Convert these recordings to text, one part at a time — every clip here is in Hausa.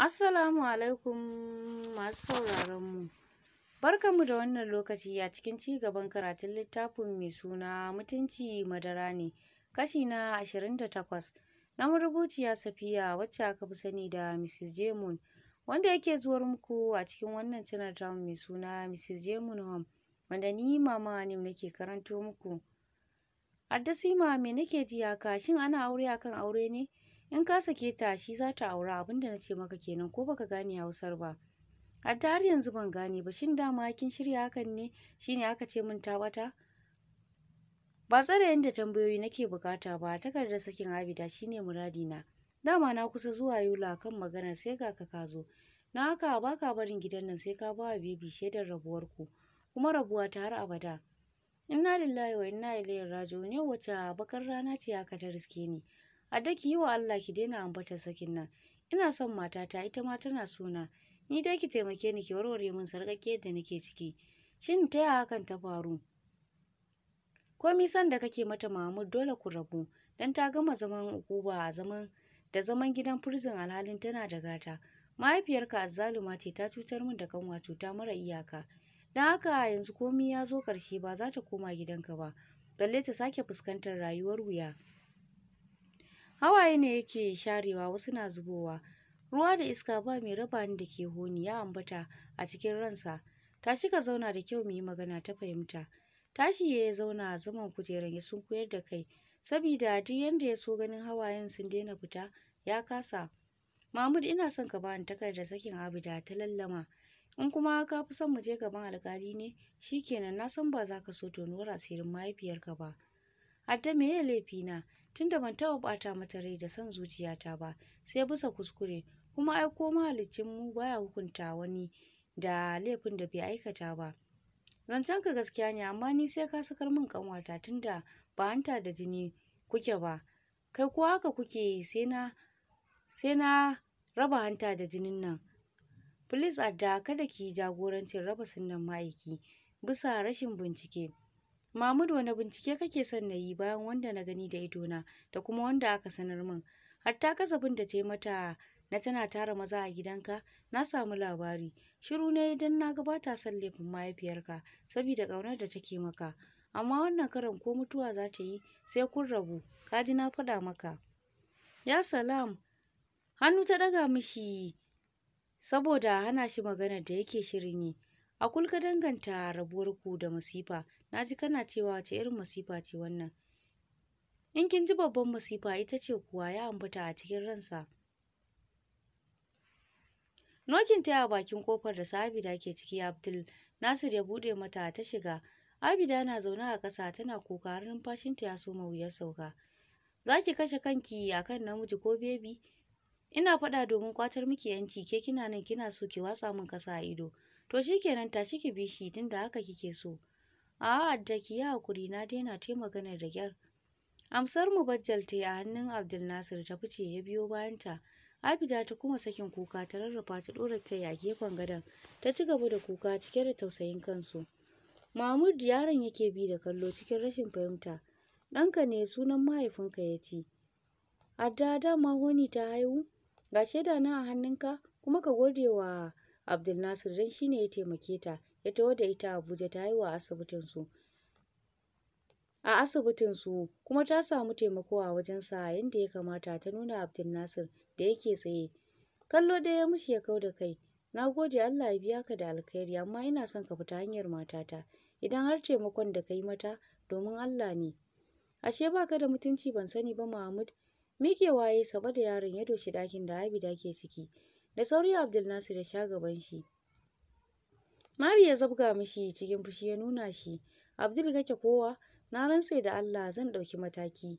Assalamu alaikum masu sauraron mu. mu da wannan lokaci a cikin ci gaban karatun littafin mai suna mutunci madara ne kashi na 28 na marubuciya Safiya wacce aka fi sani da Mrs. Jemun wanda yake zuwar muku a cikin wannan channel ta mai suna Mrs. Jemun Home wanda ni mama ne nake karanto muku. Addasima me nake ji haka shin ana aure akan aure ne? in ka sake ta shi za ta aura abinda na ce maka kenan ko baka gane hausar ba hadda har yanzu ban gane ba shin dama kin shirya hakan ne shine aka ce min ta bata ba tsare yadda tambayoyi nake bukata ba takardar sakin abida shine muradi na dama na kusa zuwa yula kan magana sai ga ka ka zo na haka ba barin gidan nan sai ka bawa bebi shaidar rabuwar ku kuma rabuwa ta har abada inna lillahi wa inna ilaihi raji'un yau wace bakar rana ce aka ta riske ni a da ki yi wa Allah ki daina ambatar sakin nan ina son matata ita ma tana suna ni dai ki taimake ni ki warware min sarƙaƙe da nake ciki shin ta yaya hakan ta faru komi san da kake mata mamu dole ku rabu dan ta gama zaman ukuba a zaman da zaman gidan prison alhalin tana da gata mahaifiyarka azzaluma ce ta cutar min da kanwa cuta mara iyaka dan haka yanzu komi ya zo karshe ba za ta koma gidanka ba balle ta sake fuskantar rayuwar wuya Hawaye ne yake sharewa wasu na zubowa. Ruwa da iska ba mai raba ni da ke honi ya ambata a cikin ransa. Tashi ka zauna da kyau muyi magana ta fahimta. Tashi ya ya zauna a zaman kujerar ya koyar da kai sabida duk yanda ya so ganin hawayen sun daina fita ya kasa. Mahmud ina son ka bani takardar sakin Abida ta lallama. In kuma ka fi son mu je gaban alkali ne shikenan na san ba za ka so tonuwar asirin mahaifiyarka ba. Adda laifi na? tunda ban taɓa ɓata mata rai da son zuciyata ba sai bisa kuskure kuma ai ko mahaliccin mu baya hukunta wani da laifin da bai aikata ba zancen ka gaskiya ne amma ni sai ka sakar min kanwata tunda ba hanta da jini kuke ba kai ko haka kuke sai na sai na raba hanta da jinin nan Please adda kada ki jagorancin raba sunan ma'aiki bisa rashin bincike. Mahmud wani bincike kake son na yi bayan wanda na gani da idona da kuma wanda aka sanar min. Hatta kasafin da ce mata na tana tara maza a gidanka na samu labari. Shiru ne idan na gabata son laifin mahaifiyarka saboda ƙaunar da take maka. Amma wannan karan ko mutuwa za ta yi sai kun rabu ka ji na faɗa maka. Ya salam hannu ta daga mishi saboda hana shi maganar da yake shirin yi. A kulka danganta rabuwarku da masifa na ji kana cewa wace irin masifa ce wannan in kin ji babban masifa ita ce kuwa ya ambata a cikin ransa nokin ta a bakin kofar da sabida ke ciki abdul nasir ya bude mata ta shiga abida na zaune a ƙasa tana kuka har numfashinta ya soma wuyar sauka za ki kashe kanki akan namiji ko bebi ina faɗa domin kwatar miki yanci ke kina nan kina so ki watsa min kasa a ido to shi shikenan tashi ki bi shi tunda haka kike so A'a da ki ya hakuri na daina ta maganar da kyar. Amsar bajjal ta a hannun Abdul Nasir ta fice ya biyo bayanta. Abida ta kuma sakin kuka ta rarrafa ta ɗora kai a gefen gadon ta ci gaba da kuka cike da tausayin kansu. Mahmud yaron yake bi da kallo cikin rashin fahimta. Ɗanka ne sunan mahaifinka ya ci. Adda dama honi ta haihu? Ga shaida na a hannunka kuma ka gode wa Abdul Nasir don shine ya taimake ta ya taho da ita Abuja ta haihu a asibitin a asibitin su kuma ta samu taimako a wajen sa yadda ya kamata ta nuna Abdul Nasir da yake tsaye kallo da ya mushi ya kau da kai na gode Allah ya biya ka da alkhairi amma ina son ka fita hanyar matata idan har taimakon da kai mata domin Allah ne ashe baka da mutunci ban sani ba Mahmud Mike waye saboda yaron ya doshi dakin da Abida ke ciki da sauri Abdul Nasir ya sha gaban shi Mari ya zabga mishi cikin fushi ya nuna shi. Abdul kake kowa, na rantse da Allah zan ɗauki mataki.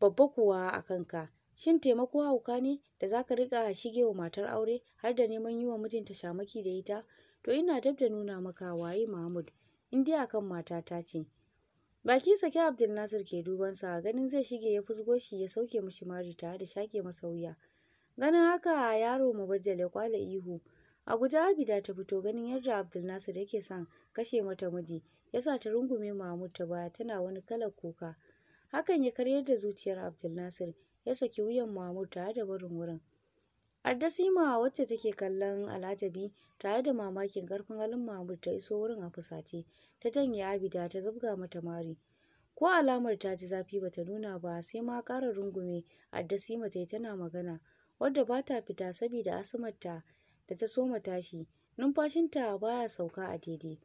Babba kuwa a kanka. Shin taimako hauka ne da za ka riƙa wa matar aure har da neman yi wa mijinta shamaki da ita? To ina dab da nuna maka waye Mahmud, in dai akan matata ce. Baki sake Abdul Nasir ke duban sa ganin zai shige ya fusgo shi ya sauke mishi mari tare da shake masa wuya. Ganin haka yaro mubajjal ya kwala ihu. A guja Abida ta fito ganin yadda Abdulnasir Nasir yake son kashe mata miji, sa ta rungume Mahmud ta baya tana wani kalar kuka. Hakan ya karyar da zuciyar Abdulnasir ya saki wuyan Mahmud tare da barin wurin. Addasima wacce take kallon Alhajabi tare da mamakin karfin halin Mahmud ta iso wurin a fusace, ta janye Abida ta zubga mata mari. Ko alamar ta ji zafi bata nuna ba sai ma ƙara rungume Addasima ta yi tana magana, wadda ba ta fita saboda asimarta da ta soma tashi numfashinta baya sauka a daidai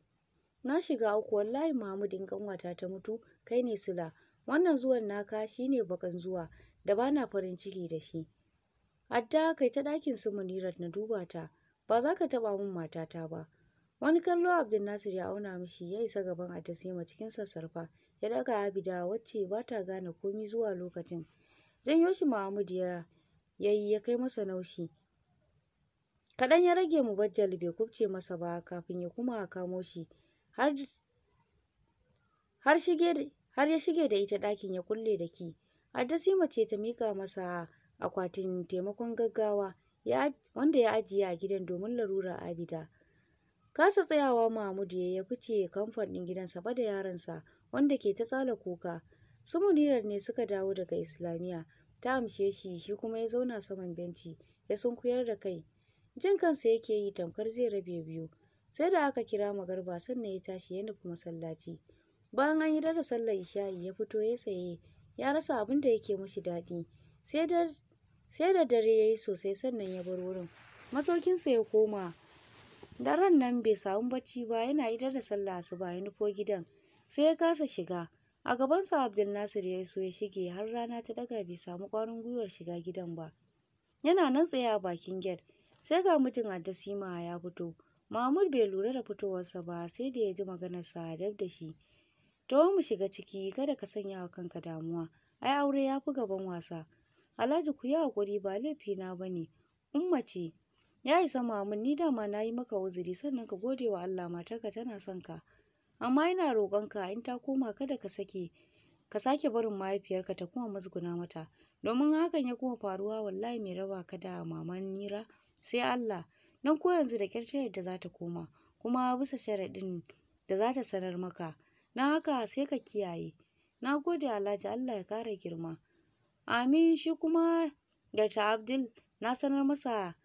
na shiga uku wallahi Muhammad in kanwata ta mutu kai ne sila wannan zuwan naka shine bakan zuwa da bana farin ciki da shi adda kai ta dakin su Munirat na duba ta ba za ka taba min matata ba wani kallo Abdul Nasir ya auna mishi ya isa gaban ta Sema cikin sassarfa ya daga Abida wacce ba ta gane komai zuwa lokacin janyo shi Muhammad ya yayi ya kai masa naushi Kaɗan ya rage mu bajjal bai kubce masa ba kafin ya kuma a kamo shi har har shige har ya shige da ita ɗakin ya kulle da ki. Addasima mace ta mika masa akwatin taimakon gaggawa wanda ya ajiye a gidan domin larura Abida. Kasa tsayawa Mahmud ya ya fice kamfan din gidansa ba da yaransa wanda ke ta tsala kuka. Su Munirar ne suka dawo daga Islamiyya ta amshe shi shi kuma ya zauna saman benci ya sunkuyar da kai jin kansa yake yi tamkar zai rabe biyu sai da aka kira magarba sannan ya tashi ya nufi masallaci bayan an yi da sallar isha'i ya fito ya tsaye ya rasa abin da yake mashi daɗi sai da dare ya yi sosai sannan ya bar wurin masaukinsa ya koma daren nan bai samu bacci ba yana idar da sallah asuba ya nufo gidan sai ya kasa shiga a gabansa abdul nasir ya so ya shige har rana ta daga bai samu ƙwarin gwiwar shiga gidan ba yana nan tsaye a bakin gate sai ga mijin a sima ya fito mahmud bai lura da fitowarsa ba sai da ya ji maganarsa dab da shi to mu shiga ciki kada ka sanya wa kanka damuwa ai aure ya fi gaban wasa alhaji ku yi hakuri ba laifina ba ne umma ce ya isa mahmud ni dama na yi maka uzuri sannan ka gode wa allah matarka tana son ka amma ina roƙonka in ta koma kada ka sake ka sake barin mahaifiyarka ta kuma musguna mata domin hakan ya kuma faruwa wallahi mai raba ka da maman nira sai Allah. Nan ko yanzu da ƙyar ta yadda za ta koma, kuma bisa sharaɗin da za ta sanar maka. Na haka sai ka kiyaye. Na gode Alhaji Allah ya kara girma. Amin shi kuma da ta Abdul na sanar masa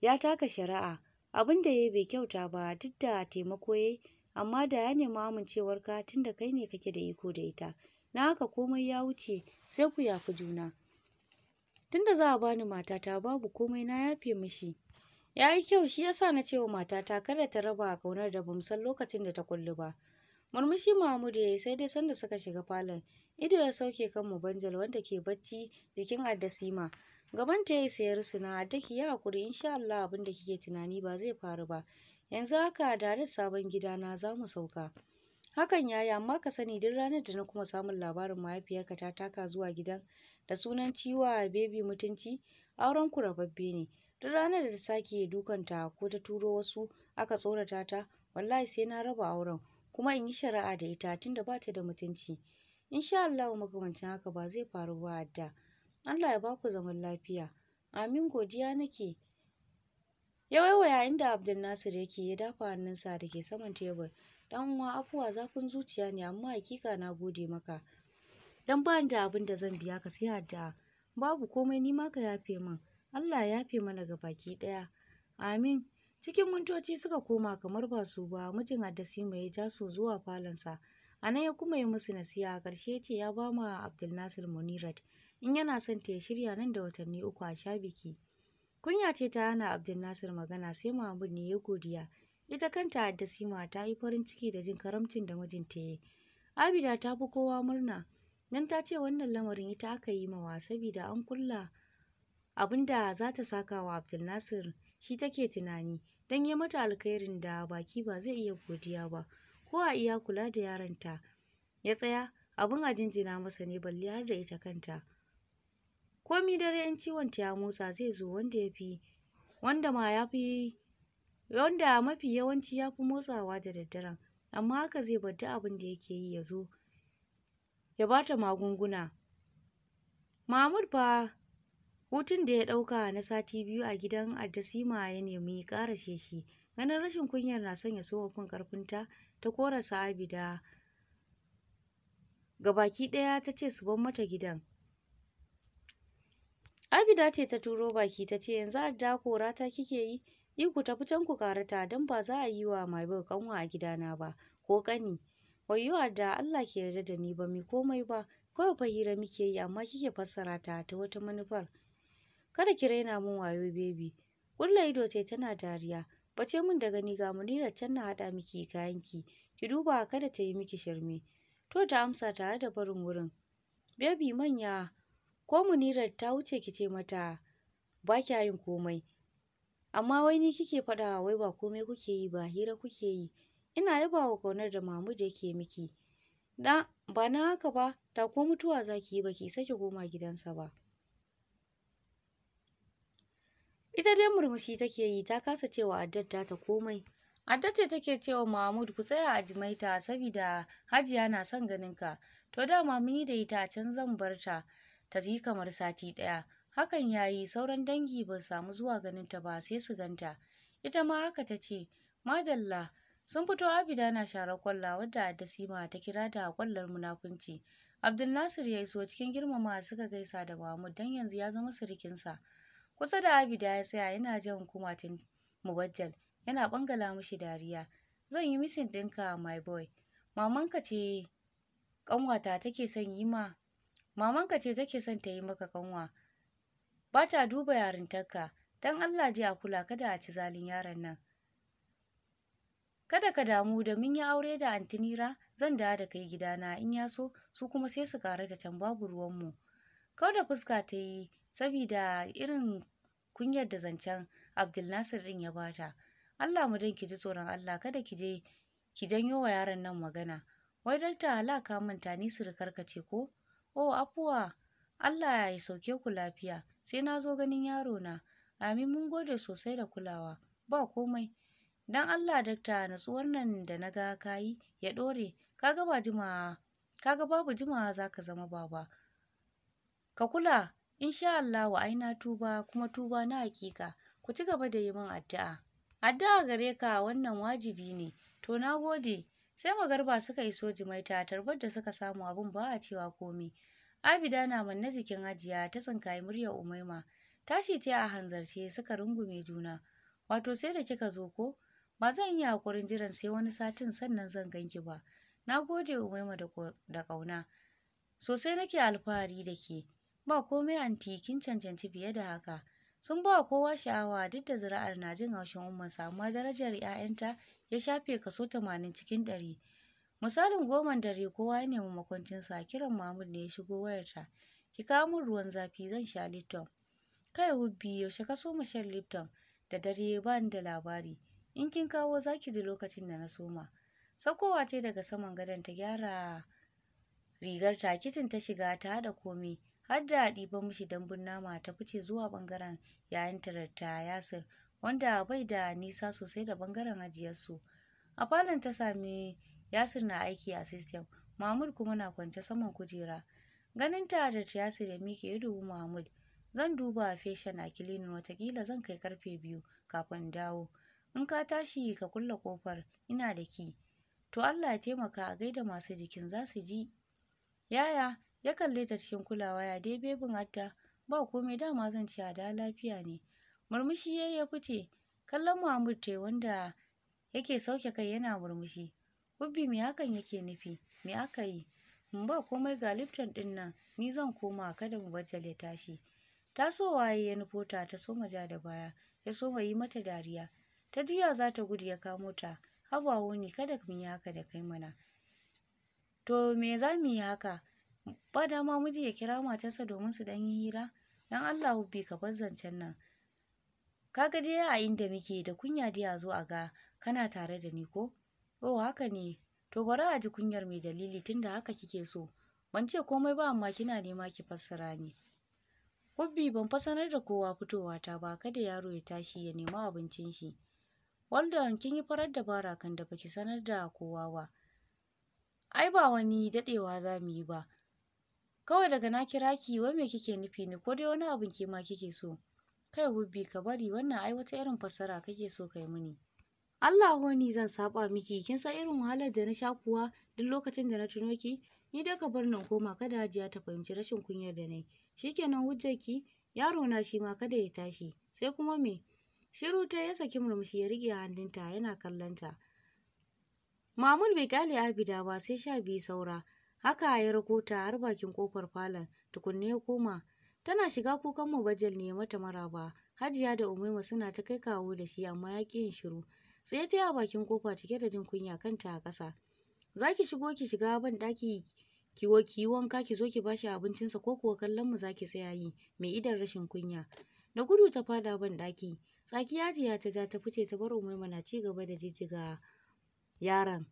ya taka shari'a. Abin da ya bai kyauta ba duk da taimako ya amma da ya nemi amincewarka tun da kai ne kake da iko da ita. Na haka komai ya wuce sai ku yafi juna. tunda za a bani matata babu komai na yafe mishi ya yi kyau shi yasa na ce wa matata kada ta raba a kaunar da bamu san lokacin da ta kullu ba murmushi mahmudu ya yi sai dai sanda suka shiga falon ido ya sauke kan mu banjal wanda ke bacci jikin addasima gaban ta ya yi sayar suna a daki ya hakuri insha Allah abin da kike tunani ba zai faru ba yanzu haka a da sabon gidana za mu sauka hakan ya yi amma ka sani duk ranar da na kuma samun labarin mahaifiyarka ta taka zuwa gidan da sunan ciwa baby mutunci auren ku rababbe ne duk ranar da ta sake dukanta ko ta turo wasu aka tsorata ta wallahi sai na raba auren kuma in yi shari'a da ita tunda ba ta da mutunci insha Allah makamancin haka ba zai faru ba da Allah ya ba ku zaman lafiya amin godiya nake ya waiwaya inda Abdul Nasir yake ya dafa hannunsa da ke saman tebur dan uwa afuwa zafin zuciya ne amma hakika na gode maka dan ba da abin da zan biya ka sai addu'a babu komai ni ma ka yafe min Allah ya yafe mana ga baki ɗaya amin cikin mintoci suka koma kamar ba su ba mijin sima ya ja su zuwa falonsa a nan ya kuma yi musu nasiha a ƙarshe ce ya ba ma abdulnasir munirat in yana son ta ya shirya nan da watanni uku a sha biki kunya ce ta hana abdulnasir magana sai mahmud ne ya godiya ita kanta Sima ta yi farin ciki da jin karamcin da mijinta ya yi abida ta fi kowa murna nan ta ce wannan lamarin ita aka yi mawa saboda an kulla abin da za ta saka wa Abdulnasir shi take tunani don ya mata alkhairin da baki ba zai iya godiya ba ko a iya kula da yaranta ya tsaya abin a jinjina masa ne balle har da ita kanta komi dare in ciwon ta ya motsa zai zo wanda ya fi wanda ma ya fi wanda mafi yawanci ya fi motsawa da daddaren amma haka zai bar duk abin da yake yi ya zo ya ba ta magunguna mahmud fa hutun da ya ɗauka na sati biyu a gidan addasima ya nemi ƙara shi ganin rashin kunyar na sanya tsofaffin ƙarfinta ta korasa abida gabaki ɗaya ta ce su ban mata gidan abida ce ta turo baki ta ce yanzu adda kora ta kike yi iku ta fitan ku karata don ba za a yi wa mai kanwa a gidana ba ko ƙani wayyo da Allah ke yarda da ni ba mai komai ba kawai fa hira muke yi amma kike fassara ta ta wata manufar kada ki raina mun wayo baby kulla ido ce tana dariya bace mun da ni ga munira can na hada miki kayanki ki duba kada ta yi miki shirme to ta amsa tare da barin wurin baby manya ko munirar ta wuce ki ce mata ba kya yin komai amma wai ni kike faɗawa, wai ba komai kuke yi ba hira kuke yi ina yabawa ƙaunar da Mahmud yake miki. Da ba na haka ba, da ko mutuwa za ki yi ba ki sake goma gidansa ba. Ita dai murmushi take yi ta kasa cewa addar ta komai. Adda ce take cewa Mahmud ku tsaya a jimaita saboda Hajiya na son ganin ka. To dama mun yi da ita can zan bar ta ta yi kamar sati ɗaya. Hakan yayi sauran dangi ba samu zuwa ganin ta ba sai su ganta. Ita ma haka ta ce, Madalla Sun fito Abida na sharar kwalla wadda ma ta kira da kwallar munafunci. Abdul Nasir ya iso cikin girmama suka gaisa da Mahmud dan yanzu ya zama surikinsa. Kusa da Abida ya tsaya yana jan kumatin Mubajjal yana bangala mishi dariya. Zan yi misin ɗinka my boy. Mamanka ce kanwata take son yi ma mamanka ce take son ta yi maka kanwa ba ta duba yarintarka don Allah ji a kula kada a ci zalin yaron nan kada ka damu da mun yi aure da antinira zan dawo da kai gidana in ya so su kuma sai su ƙara ta can babu ruwanmu kau da fuska ta yi sabida irin kunyar da zancen abdulnasir din ya bata allah mu dan ki ji tsoron allah kada ki je ki janyo wa yaron nan magana wai dan ta halaka manta ni su ka ce ko o oh, afuwa allah ya sauke ku lafiya sai na zo ganin yaro na amin mun gode sosai da kulawa ba komai dan Allah dakta natsuwar nan da na ga ka yi ya ɗore kaga ba jimawa kaga babu jimawa za ka zama baba ka kula insha Allah wa aina tuba kuma tuba na hakika ku ci gaba da yi min addu'a addu'a gare ka wannan wajibi ne to na gode sai magarba suka iso jimaita tarbar da suka samu abin ba a cewa komi abida na manne jikin hajiya ta tsinkayi muryar umaima tashi ta a hanzarce suka rungume juna wato sai da kika zo ko Ba zan yi hakurin jiran sai wani satin sannan zan ganki ba. Na gode Umaima da ƙauna. Sosai nake alfahari da ke. Ba komai anti kin cancanci fiye da haka. Sun ba kowa sha'awa duk da zira'ar na jin haushin ummansa amma darajar 'ya'yanta ya shafe kaso tamanin cikin ɗari Misalin goman dare kowa ya nemi makwancinsa kiran Mahmud ne ya shigo wayarta. Ki kawo min ruwan zafi zan sha Lipton. Kai Hubbi yaushe ka so mu shan Lipton? Da dare ba ni da labari. in kin kawo za ki ji lokacin da na soma saukowa ce daga saman gadon ta gyara rigar ta kicin ta shiga ta haɗa komai har da ɗiban mishi dambun nama ta fice zuwa ɓangaren yayin tararta yasir wanda bai da nisa sosai da ɓangaren ajiyarsu a falon ta sami yasir na aiki a system mahmud kuma na kwance saman kujera ganin ta da yasir ya miƙe ya dubi mahmud zan duba feshan a kilinin watakila zan kai karfe biyu kafin in dawo in ka tashi ka kulle kofar, ina da ki to Allah ya taimaka a gaida masu jikin za su ji yaya ya kalle ta cikin kulawa ya dai bebin hatta ba komai dama zan ci a da lafiya ne murmushi yayi ya fice kallon Muhammad tai wanda yake sauke kai yana murmushi Bubbi me hakan yake nufi me aka yi mun mm, ba komai ga Lipton din nan ni zan koma kada mu bajjal ya tashi tasowa ya nufo ta ta soma ja da baya ya soma yi mata dariya ta juya za ta gudu ya kamo ta haba wuni kada mu yi haka da kai mana to me za mu yi haka ba da ma miji ya kira matarsa domin su dan yi hira dan Allah hubbi ka bar zancen nan kaga dai a inda muke da kunya dai a zo a ga kana tare da ni ko oh haka ne to bari a ji kunyar mai dalili tunda haka kike so ban ce komai ba amma kina nema ki fassara ni hubbi ban fasanar da kowa fitowa ta ba kada yaro ya tashi ya nema abincin shi Waldon kin yi farar dabara kan da baki sanar da kowa ba. Ai ba wani dadewa za mu yi ba. Kawai daga na kira ki wai me kike nufi ne ko dai wani abun ke ma kike so. Kai hubbi ka bari wannan ai wata irin fassara kake so kai mini. Allah ni zan saba miki kin san irin wahalar da na sha kuwa duk lokacin da na tuno ki ni dai ka bar nan koma kada hajiya ta fahimci rashin kunyar da Shi shikenan hujjar ki yaro na shi ma kada ya tashi sai kuma me Shiru ta ya saki murmushi ya rige hannunta yana kallonta. Mamun bai kyale Abida ba sai sha biyu saura. Haka ya rako ta har bakin kofar falon tukunne ya koma. Tana shiga kukan mubajal ne mata maraba. Hajiya da Umaima suna ta kai kawo da shi amma ya ƙi yin shiru. Tsaye ta a bakin kofa cike da jin kunya kanta a ƙasa. Za ki shigo ki shiga ban ɗaki ki yi wanka ki zo ki bashi abincinsa ko kuwa kallon mu za ki tsaya yi mai idan rashin kunya. Da gudu ta fada ban ɗaki. Tsaki Hajiya ta ja ta fice ta bar Umaima mana ci gaba da jijjiga yaran.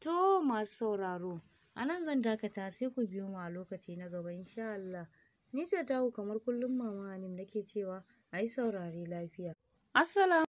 To masu sauraro, a nan zan dakata sai ku biyo mu a lokaci na gaba insha Allah. Ni ce taku kamar kullum Mama Hanim nake cewa ayi saurare lafiya. Assalamu